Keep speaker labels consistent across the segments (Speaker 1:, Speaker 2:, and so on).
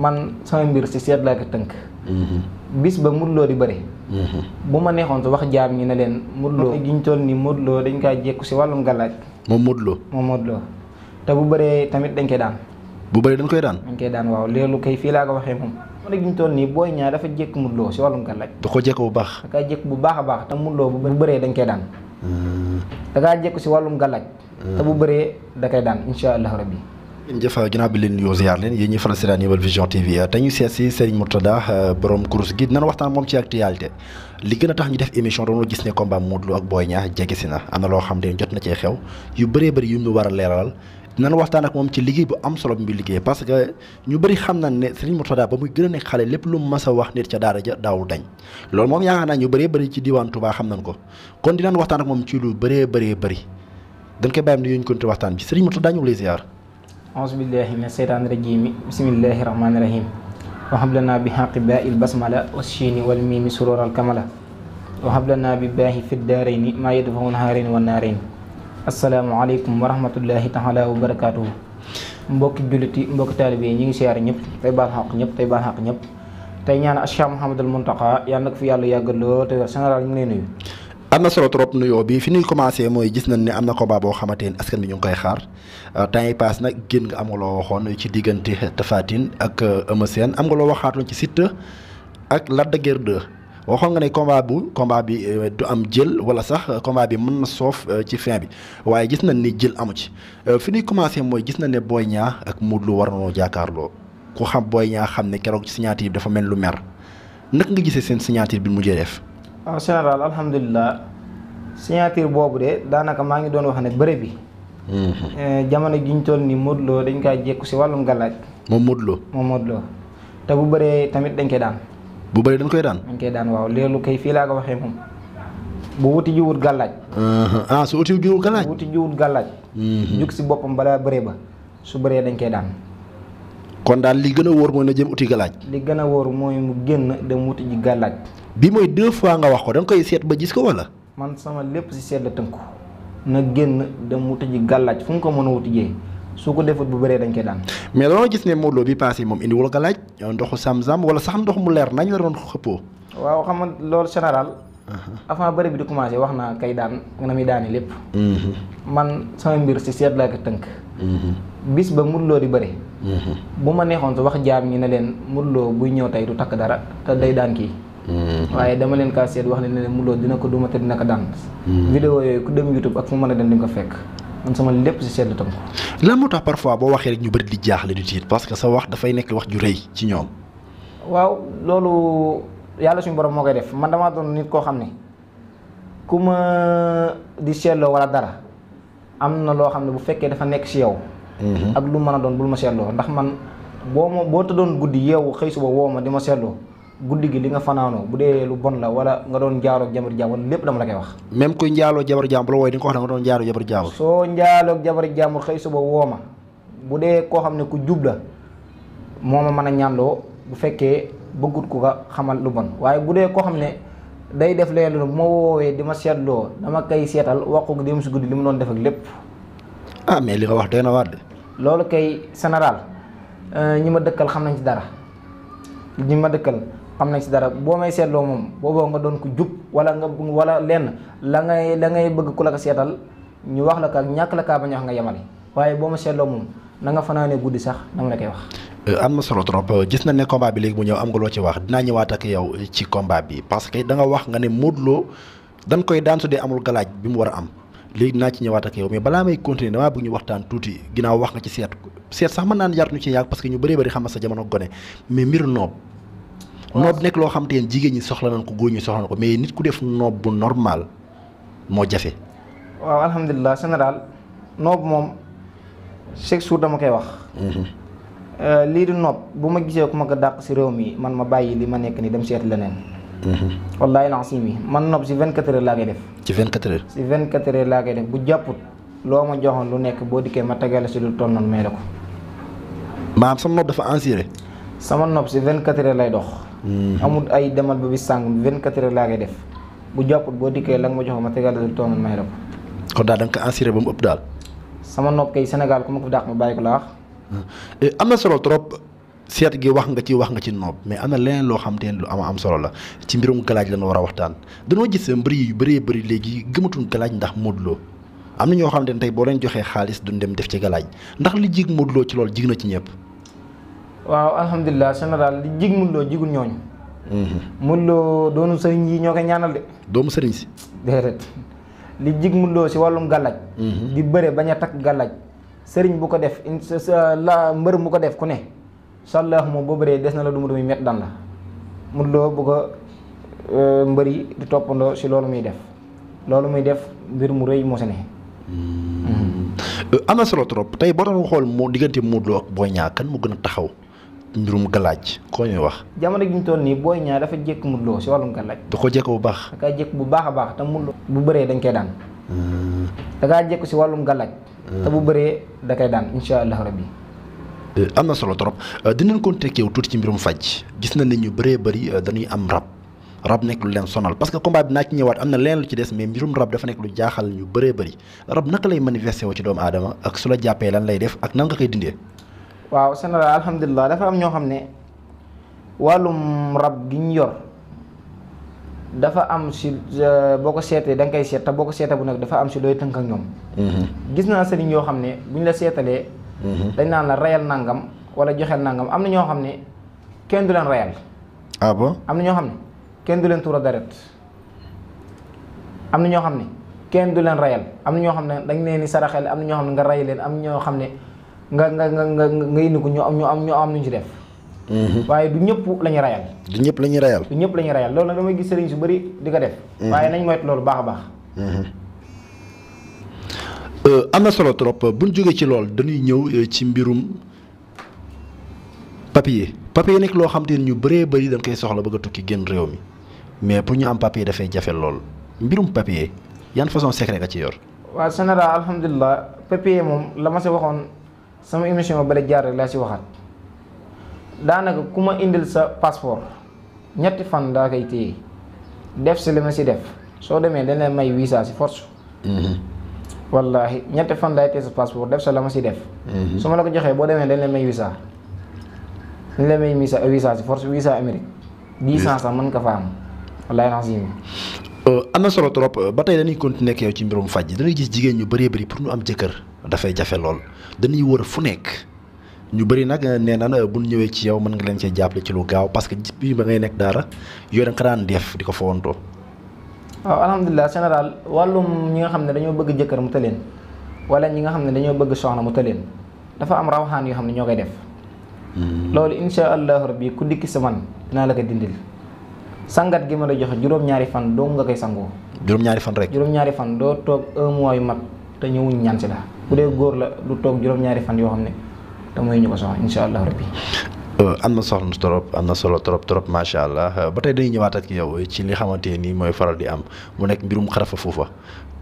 Speaker 1: man sama mbir si seet laa ko tënk. Mhm. bis ba Modou di bëri.
Speaker 2: Mhm.
Speaker 1: bu ma neexoon wax jaam ñi ne leen Modou Lo gi ñu nii Modou dañ kaa jékku si wàllum gàllaaj moom Modou Lo te bu bëree tamit dañ koy daan. bu bëree dañ koy daan. dañ koy daan waaw léelu kay fii laa ko waxee moom. ma ne booy ñaar dafa jékku Modou si wàllum gàllaaj
Speaker 2: da ko jékku bu baax. da
Speaker 1: kaa jékku bu baax baax te Modou Lo bu bëree dañ koy daan. Mhm. da kaa si wàllum gàllaaj bu bëree da koy daan incha allah rabbi
Speaker 2: jëf ginnaaw bi leen nuyoo ziar leen yéen ñi euh, moom ci actualité li gën a tax ñu def émission gis ne combat Modou Lo ak Boy xam ne jot na cee xew yu bëree bëri yu ñu war a leeralal dinañ waxtaan ak moom ci liggéey bu am solo bi mu liggéey parce que ñu bëri xam nañ ne Serigne Mourtada ba muy gën a nekk xale lépp lu mas a wax nit ca daara ja daawul dañ loolu moom yaakaar naa ñu bëree bëri ci diwaan Touba xam nañ ko kon dinañ waxtaan ak moom ci lu bëree bëree bëri dañ koy bàyyam ne yooñu konti waxtaan bi Serigne Mourtada ñu ngi lay ziar
Speaker 1: ausbillahi min seytaan rajimi bismillahi rahmaani rahim waxab bi xaqi baa il basmala waschini wal mimi kamala waxab lanaa bi baahi fi daarayni maa yadfaun haarayni wa naarayni asalaamaaleykum wa rahmatullahi taala wa barakaatuhu mbokki jullit mbokki taalibe yi ñu ngi siyaar ñëpp tey baal xaq ñëpp tey baal xaq ñëpp tey ñaan Cheikh Mouhamadul Mountakha yàlla na ko fi yàlla yàggal lool te wér
Speaker 2: général ñu ngi am na solo trop nuyo bi fi ñuy commencé mooy gis nañ ne am na combat boo xamante ni askan bi ñu ngi koy xaar euh, temps yi paas nag génn nga am nga loo waxoon ci diggante Tapha Tine ak euh, Eumeu Sène am nga loo waxaatoon ci Siteu ak Lac de Guiers 2 waxoon nga ne combat bu combat bi euh, du am jël wala sax combat bi mën na soof ci fin bi waaye gis nañ ni jël amu ci fi ñuy commencé mooy gis nañ ne Boy Niang ak Modou lu war nañoo jàkkaarloo ku xam Boy ñaa xam ne keroog ci signature bi dafa mel lu mer naka nga gisee seen signature bi mu mujjee def.
Speaker 1: en général alhamdulilah signature boobu de daanaka maa ngi doon wax ne bëre bi. Mhm. Eh, jamono ji ñu toll ni Modou Lo dañ kaa jékku si wàllum gàllaaj moom Modou Lo moom Modou te bu bëree tamit dañ koy daan. bu bëree dañ koy daan. dañ koy daan waaw léelu kay fii laa ko waxee moom. bu wuti jiwut gàllaaj
Speaker 2: mhm. ah
Speaker 1: su wuti jiwut gàllaaj bu jiwut gàllaaj mhm. jug si boppam balaa bëree ba su bëree dañ koy daan. kon daal li gën a wóor mooy na jëm uti gàllaaj li gën a wóor mooy mu génn dem wuti ji gàllaaj bi mooy deux fois nga wax ko da
Speaker 2: koy seet ba gis ko wala. man sama lépp si seet la tënku na génn dem wuti ji gàllaaj fu nga ko mën a wuti jee su ko defut bu bëree dañ koy daan. mais dañoo gis ne Modou bi passé moom indi wala gàllaaj ndoxu sam-sam wala sax ndox mu leer nañ la doon xëppoo.
Speaker 1: waaw xam loolu général. Uh-huh. avant bëri bi di commencé wax naa kay daan na muy lépp. Uh-huh. man sama mbir si seet laa tënk. Uh-huh. bis ba Modou Lo di bëri. bu ma neexoon wax jaam ñi ne leen Modou Lo buy ñëw tey du takk dara te day daan kii.
Speaker 2: Mhm. waaye
Speaker 1: dama leen kaa seet wax ne ne mu loolu dina ko duma te dina ko daan. Mhm. vidéo yooyu ku dem YouTube ak fu mu mën a dem di nga ko fekk.
Speaker 2: man sama lépp si seetlu tam ko. lan moo tax parfois boo waxee rek ñu bëri di la di tiit parce que sa wax dafay nekk wax ju rëy ci ñoom.
Speaker 1: waaw loolu yàlla suñu borom moo koy def man damaa doon nit koo xam ne ku ma di seetloo wala dara am na loo xam ne bu fekkee dafa nekk si yow. Mhm. ak lu mën a doon bul ma seetloo ndax man boo ma boo tëddoon guddi yeewu xëy suba woo ma di ma seetloo. guddi gi li nga fanaanoo bu dee lu bon la wala nga doon njaaloog jabar jàmbur
Speaker 2: lépp dama la koy wax même kuy njaaloog jabar jàmbur la wooye di ko wax ne nga doon njaaloog jabar jàmbur
Speaker 1: soo njaaloog jabar jàmbur xëy woo ma bu koo xam ne ku jub la moo ma mën a ñaanloo bu fekkee bëggut ku ko xamal lu bon waaye bu dee koo xam ne day def leen ma woowee di ma seetloo dama koy seetal waxu dem si guddi li mu doon def ak lépp ah mais li nga wax doy na waar de loolu kay général euh, ñi ma dëkkal xam nañ ci dara ñi ma dëkkal xam nañ si dara boo may seetloo moom booboo nga doon ko jub wala nga wala lenn la ngay la ngay bëgg ku la ko seetal ñu wax la ka ñàkk la kaa ba ñu wax nga yemale waaye boo ma seetloo moom na nga fanaane guddi sax na la koy wax.
Speaker 2: Euh, am na solo trop euh, na ne combat bi léegi mu ñëw am loo ci wax dinaa ñëwaat ak yow ci combat bi parce que da nga wax nga ne Modou Lo dañ koy dee amul galaaj bi mu war a am léegi ci ñëwaat ak yow mais balaa may continuer damaa bëgg ñu waxtaan tuuti ginnaaw wax nga seet seet sax mën naan yar ñu ci yàgg parce que ñu bëree bëri xam sa jamono gone mais mbir noob noob nekk loo xam te jigéen ñi soxla nañ ko góor ñi soxla na ko mais nit ku def noob bu normaal moo jafe.
Speaker 1: waaw alhamdulilah général noob moom chaque jour dama koy wax. Mhm. Euh, lii di noob bu ma gisee ku ma ko dàq si réew mi man ma bàyyi li ma nekk nii dem seet leneen. Mhm. wallaahi lancim yi man noob si 24 heures laa koy def. ci 24 heures. si 24 heures laa koy def bu jàpput loo ma joxoon lu nekk boo dikkee ma tegale si lu toll noonu may la ko.
Speaker 2: maanaam sama noob dafa
Speaker 1: sama noob si 24 heures lay dox.
Speaker 2: Mm-hmm. amul
Speaker 1: ay demal ba bis sàngam vingt quatre heures laa koy def bu jàpput boo dikkee langa nga ma joxoon ma tegal la toonoon may la
Speaker 2: ko. daal da nga ko ba mu ëpp daal.
Speaker 1: sama nopp kay Sénégal ku ma ko dàq ma bàyyi ko laa wax.
Speaker 2: Eh, am na solo trop seet gi wax nga ci wax nga ci noob mais am na leneen loo xam te ne lu am am solo la ci mbirum galaaj la ñu war a waxtaan dañoo gis mbir yu bëree bëri léegi gëmatuñ galaaj ndax Modou am na ñoo xam ne tey boo leen joxee xaalis duñ dem def ci galaaj ndax li jig Modou ci loolu jig na ci ñëpp.
Speaker 1: waaw alhamdulilah général li jig Modou Lo jigul ñooñu. Mhm. Modou doonu sëriñ yi ñoo koy ñaanal de. doomu sëriñ si. déedéet li jig Modou si wàllum gàllaaj mhm. di bëre bañ a takk gàllaj sëriñ bu ko def in la mbër mu ko def ku ne. sàllaax moom boo bëree des na la du mu du muy met dan la Modou Lo bu ko euh, mbër di toppandoo si loolu muy def loolu muy def mbir mu rëy moo si ne.
Speaker 2: Mhm. Euh, am na solo trop tey boo doon xool moo diggante Modou Lo ak Boy mu gën a taxaw. mbirum galaaj koo ñuy wax.
Speaker 1: jamono gi ñu toll nii booy ñaar dafa jékku Modou Lo si wàllum galaaj.
Speaker 2: da ko jékku bu baax. da
Speaker 1: kaa jékku bu baax a baax tam Modou Lo bu bëree dañ koy daan. da kaa jékku si wàllum galaaj. te bu bëree da koy daan incha allah rabbi.
Speaker 2: Eh, am na solo trop eh, dinañ ko tekkeew tuuti ci mbirum faj gis nañ ne ñu bëree bëri eh, danuy am rab. rab nekk lu leen sonal parce que combat bi naa ci ñëwaat am na leen lu ci des mais mbirum rab dafa nekk lu jaaxal ñu bëree bëri rab naka lay manifesté woo ci doomu aadama ak su la jàppee lan lay def ak nan koy dindee
Speaker 1: waaw Sénégal alhamdulilah dafa am ñoo xam ne wàllum rab gi ñu yor dafa am si euh, boo ko seetee da koy seet te boo ko seetee bu nag dafa am si looy tënk ak ñoom. Mm-hmm. gis naa sëriñ yoo xam ne bu ñu la seetalee. Mm-hmm. dañ naan la rayal nangam wala joxeel nangam am na ñoo xam ne kenn du leen rayal. Ah am na ñoo xam ne kenn du leen tuura am na ñoo xam ne kenn du leen rayal am na ñoo xam ne dañ leen di saraxel am na ñoo xam ne nga ray leen am ñoo xam ne. nga nga nga nga nga indi ko ñu am ñu am ñu am lu ñu ci def. Mhm. waaye du ñëpp la ñuy rayal.
Speaker 2: du ñëpp la ñuy rayal.
Speaker 1: du ñëpp la ñuy rayal loolu nag damay gis sëriñ su bëri di ko def. Mhm. waaye nañ moytu loolu baax a baax.
Speaker 2: Mhm. Euh, am na solo trop bu ñu jógee ci lool dañuy ñëw euh, ci mbirum papier papier nekk loo xam te ne ñu bëree bëri dañ koy soxla bëgg a tukki génn réew mi mais pour ñu am papier dafay jafe lool mbirum papier yan façon secret nga ci yor.
Speaker 1: waaw général alhamdulilah papier moom la ma si waxoon. sama émission ba bale jaar rek laa ci waxaat daanaka ku ma indil sa passeport ñetti fan daa koy téye def si li ma si def soo demee dañ lay may visa si force. Mhm. wallaahi ñetti fan daay téye sa passeport def sa la ma si def. Mhm. su ma la ko joxee boo demee dañ lay may visa dañ lay may visa visa si force visa Amérique. 10 ans sax mën ko fa am wallaahi naa
Speaker 2: Euh, am na solo trop euh, ba tey dañuy continuer ak yow ci mbirum faj dañuy gis jigéen ñu bëree bëri pour ñu am jëkkër dafay jafe lool dañuy wër fu nekk ñu bëri nag euh, nee na bu ñëwee ci yow mën nga leen cee jàppale ci lu gaaw parce que bii ba ngay nekk daara yooyu da nga ko def di ko fawantoo.
Speaker 1: waaw alhamdulilah général wàllum ñi nga xam ne dañoo bëgg jëkkër mu tëleen wala ñi nga xam ne dañoo bëgg soxna mu tëleen dafa am rawaxaan yoo xam ne ñoo koy def. Hmm. loolu incha allahu rabbi ku la ko dindil. sangat gi ma la joxe juróom-ñaari fan doo nga koy sangoo. juróom-ñaari fan rek. juróom-ñaari fan doo toog un mois yu mat te ñëwuñ ñaan la bu dee góor la du toog juróom-ñaari fan yoo xam ne te muy ñu ko soxla incha allah rabbi.
Speaker 2: Euh, am na soxla trop am na solo trop trop macha allah euh, ba tey dañuy ñëwaat ak yow ci li xamante nii mooy faral di am mu nekk mbirum xarafa foofa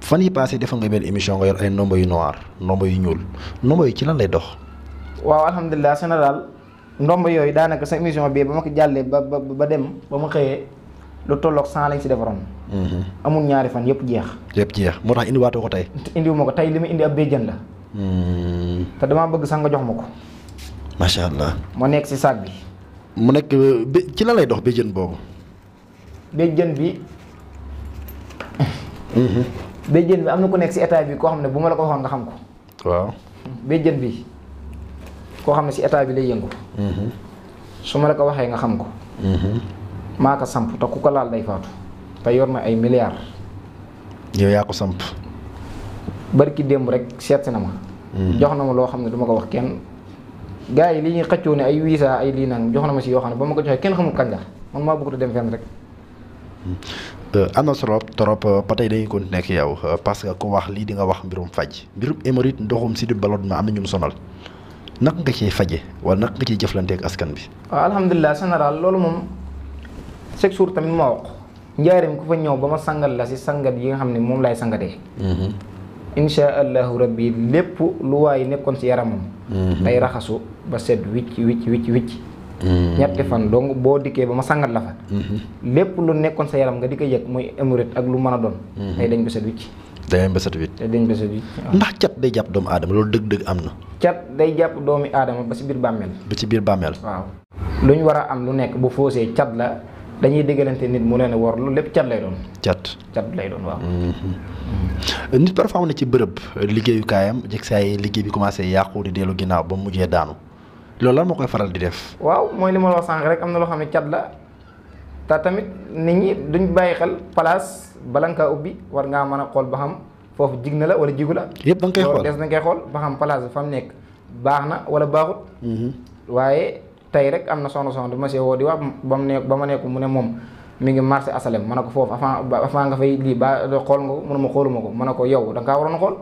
Speaker 2: fan yi passé defoon nga benn émission nga yor ay ndombo yu noir ndombo yu ñuul ndombo yi ci lan lay dox. waaw alhamdulilah Sénégal ndomb yooyu daanaka
Speaker 1: sa émission bi ba ma ko jàllee ba ba ba dem ba ma xëyee lu tolloog cent lañ si defaroon. Mhm. amul ñaari fan yëpp jeex.
Speaker 2: yëpp jeex moo tax indiwaatoo ko tey.
Speaker 1: indiwuma ko tey li ma indi ab béjjën la.
Speaker 2: Mhm.
Speaker 1: te damaa bëgg sax nga jox ma ko. macha allah. ma nekk si saak bi.
Speaker 2: mu nekk ci la lay dox béjjën boobu.
Speaker 1: béjjën bi. Mhm. béjjën bi am na ku nekk si état bi koo xam ne bu ma la ko waxoon nga xam ko. waaw béjjën bi. koo xam ne si état bi lay yëngu. Mhm. su ma la ko waxee nga xam ko. Mhm. maa ko samp te ku ko laal day faatu te yor na ay milliards.
Speaker 2: yow yaa ko samp.
Speaker 1: barki démb rek seet si na ma. Mhm. jox na ma loo xam ne du ma ko wax kenn. gars yi li ñuy xëccoo ne ay visa ay lii naan jox na ma si yoo xam ne ba ma ko joxee kenn xamul kanja man maa bëgg dem fenn rek.
Speaker 2: Euh, am na torop trop euh, ba tey dañuy ko nekk yow euh, parce que ku wax lii di nga wax mbirum faj mbirum émorite ndoxum si di ballonnement am na ñu naka nga ci faje wala naka nga ci jëflanteeg askan bi.
Speaker 1: waaw alhamdulilah général loolu moom chaque jour tamit ma wax njaareem ku fa ñëw ba ma sangal la si sangat yi nga xam ne moom laay sangatee. Mhm. incha allahu rabbi lépp lu waay nekkoon si yaram yaramam. Mhm. day raxasu ba set wicc wicc wicc wicc. Mhm. ñetti fan dong boo dikkee ba ma sangat la fa. lépp lu nekkoon sa yaram nga di ko yëg muy émurite
Speaker 2: ak lu mën a doon. day dañ ko set wicc. day am bésat wit. day am bésat wit. ndax cat day jàpp doomu aadama loolu dëgg-dëgg am na.
Speaker 1: cat day jàpp doomu aadama ba ci biir bàmmeel.
Speaker 2: ba ci biir bàmmeel. waaw
Speaker 1: lu ñu war a am lu nekk bu foosee cat la dañuy déggalante nit mu leen war lu lépp cat lay doon.
Speaker 2: cat cat lay doon waaw. Mm-hmm. nit parfois am na ci bërëb liggéeyukaayam jëkk saa yi liggéey bi commencé yàqu di dellu ginnaaw ba mu mujjee daanu loolu lan moo koy faral di def. waaw mooy li ma
Speaker 1: rek am na loo xam ne cat la te tamit nit ñi duñ bàyyi xel bala nga kaa ubbi war ngaa mën a xool ba xam foofu jig na la wala jigu la.
Speaker 2: yëpp da nga xool des
Speaker 1: na nga xool ba xam place bi fa mu nekk baax na wala baaxut. Mhm. waaye tey rek am na soxna soxna bi ma see woo di wax ba mu ne ma nekk mu ne moom mu ngi marché asalem man ne ko foofu avant avant nga fay lii ba xool nga ko mënuma xooluma ko ma ne ko yow danga nga waroon xool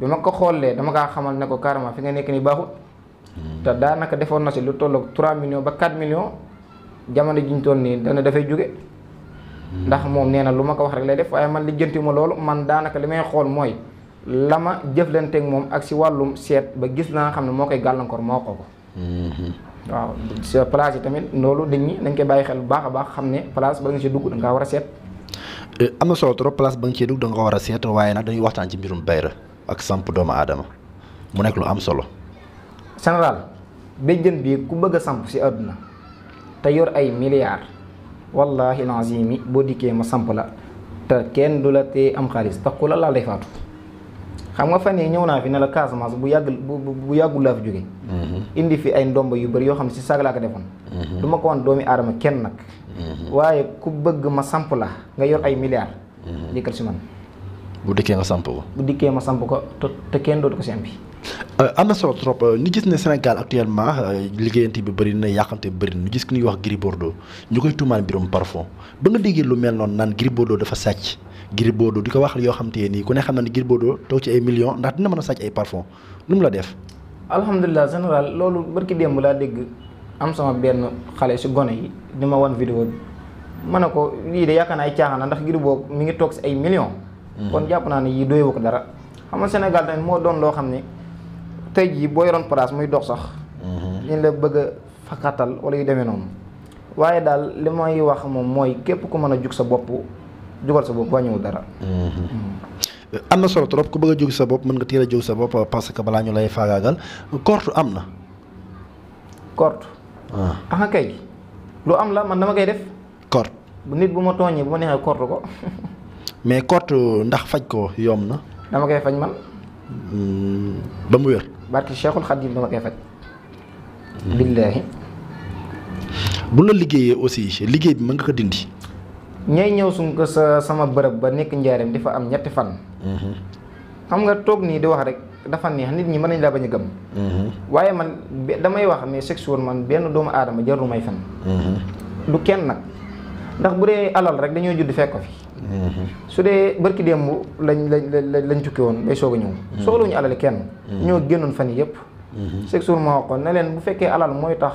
Speaker 1: bi ma ko xoolee dama kaa xamal ne ko carrément fi nga nekk nii baaxut. Mhm. te daanaka defoon na si lu toll ak 3 millions ba 4 millions jamono ji ñu nii dana dafay jóge ndax moom nee na lu ma ko wax rek lay def waaye man lijjanti ma loolu man daanaka li may xool mooy la ma jëflanteek moom ak si wàllum seet ba gis naa xam ne moo koy gàllankoor moo ko ko. Mm-hmm. waaw sa place yi tamit loolu nit ñi dañ koy bàyyi xel bu baax a baax xam ne place ba nga si dugg da ngaa war a seet.
Speaker 2: Eh, am na solo trop place ba nga cee dugg da war a seet waaye nag dañuy waxtaan ci mbirum bayra ak samp doomu aadama mu nekk lu am solo.
Speaker 1: général béjjën bi ku bëgg a samp si àdduna yor ay milliards. wallahi alazimi boo dikkee ma samp la te kenn du la te am xaalis tax ku la laal day faatu xam nga fan yii ñëw naa fi na la Casamance bu yàgg bu yàggul laa fi jóge mm-hmm. indi fi ay ndomba yu bëri yoo xam ne si saag laa ko defoon. Mm-hmm. du ma doomi adama kenn nag. Mm-hmm. waaye ku bëgg ma samp la nga yor ay milliards. dikkal si man.
Speaker 2: bu dikkee nga samp ko.
Speaker 1: bu dikkee ma samp ko te kenn dootu ko bi
Speaker 2: euh, am na soo trop euh, ñu gis ne Sénégal actuellement euh, liggéeyante bi bëri na yàqante bëri na ñu gis ki ñuy wax Gris Bordeaux ñu koy tuumaan mbirum parfum ba nga déggee lu mel noonu naan Gris Bordeaux dafa sàcc Gris Bordeaux di ko wax yoo xam te nii ku ne xam na ne Gris Bordeaux toog ci ay millions ndax dina mën a sàcc ay parfum lu mu la def.
Speaker 1: alhamdulilah général loolu barki démb laa dégg am sama benn xale si gone yi di ma wan vidéo ma ne ko lii de yaakaar naa ay caaxaan ndax Gris Bordeaux mi ngi toog si ay millions. Mm-hmm. kon jàpp naa ne yii doyewu ko dara xam nga Sénégal tamit moo doon loo xam ne tey jii boo yoroon place muy dox sax. Mm-hmm. ñu la bëgg a fakkatal wala yu demee noonu. waaye daal li may wax moom mooy képp ku mën a jug sa bopp jugal sa bopp
Speaker 2: wàññiwul dara. Mm-hmm. am na solo trop ku bëgg a sa bopp mën nga teel a jóg sa bopp parce que balaa ñu lay faagaagal korte am na. korte. waaw ah kay
Speaker 1: lu am la man dama koy def. korte bu nit bu ma tooñee bu ma neexee korte ko.
Speaker 2: mais kott euh, ndax faj ko yomb na.
Speaker 1: dama koy faj man.
Speaker 2: Hmm, ba mu wér.
Speaker 1: barki Cheikhul Khadim dama koy faj.
Speaker 2: billaahi. bu la liggéeyee aussi liggéey bi mën nga ko dindi.
Speaker 1: ñay ñëw suñ ko sa sama bërëb ba nekk njaareem di fa am ñetti fan. Hmm. xam nga toog nii di wax rek dafa neex nit ñi mën nañ laa bañ a gëm. Hmm. waaye man damay wax ne sexuel man benn doomu aadama jarul may fen du kenn nag ndax bu dee alal rek dañoo judd fekk ko fi. Mm-hmm. su dee barki démb lañ lañ lañ tukki woon bay soog a ñëw. Mm-hmm. soxlawuñu alal kenn. Mm-hmm. ñoo génnoon fan yii yëpp. chaque jour ma waxoon ne leen bu fekkee alal mooy tax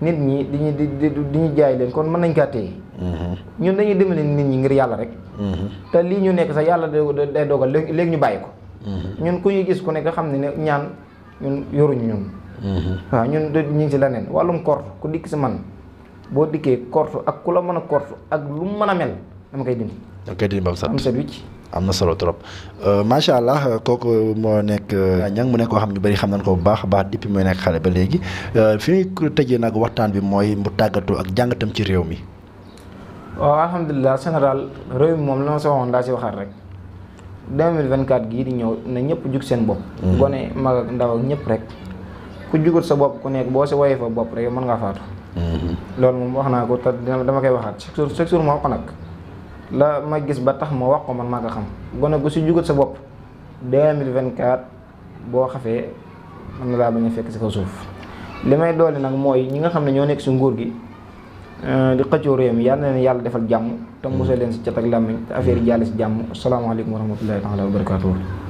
Speaker 1: nit ñi di ñu di di ñu jaay leen kon mën nañ kaa téye. ñun dañuy dimbali nit ñi ngir yàlla rek. te lii ñu nekk sax yàlla day dogal léegi ñu bàyyi ko. ñun ku ñu gis ku nekk xam ne ne ñaan ñun yoruñ ñun. waaw ñun ñu ngi si leneen wàllum kort ku dikk si man boo dikkee kort ak ku la mën a kort ak lu mu a mel. dama koy dindi.
Speaker 2: dama koy dindi ba mu set am set wicc am na solo trop euh, macha allah kooku moo nekk ñang euh, mu nekk koo xam ñu bëri xam na ko bu baax baax depuis muy nekk xale ba léegi euh, fi ñuy tëjee nag waxtaan bi mooy mu tàggatoo ak jàngatam ci réew mi.
Speaker 1: waaw alhamdulilah général réew mi moom la ma soo waxoon daa si waxaat rek 2024 gii di ñëw na ñëpp jug seen bopp. Mm-hmm. gone mag ak ndaw ak ñëpp rek ku jugut sa bopp ku nekk boo si woyee fa bopp rek mën ngaa faatu. Mm-hmm. la ma gis ba tax ma wax ko man maa ko xam gone gu si jugat sa bopp 2024 boo xafee mën na laa bañ a fekk si kaw suuf li may doole nag mooy ñi nga xam ne ñoo nekk si nguur gi euh, di xëccoo réew mi yal na leen yàlla defal jàmm te musal leen si cat ak làmmiñ te affaire yi jàll si jàmm asalaamaaleykum wa rahmatullahi taala wa barakaatuh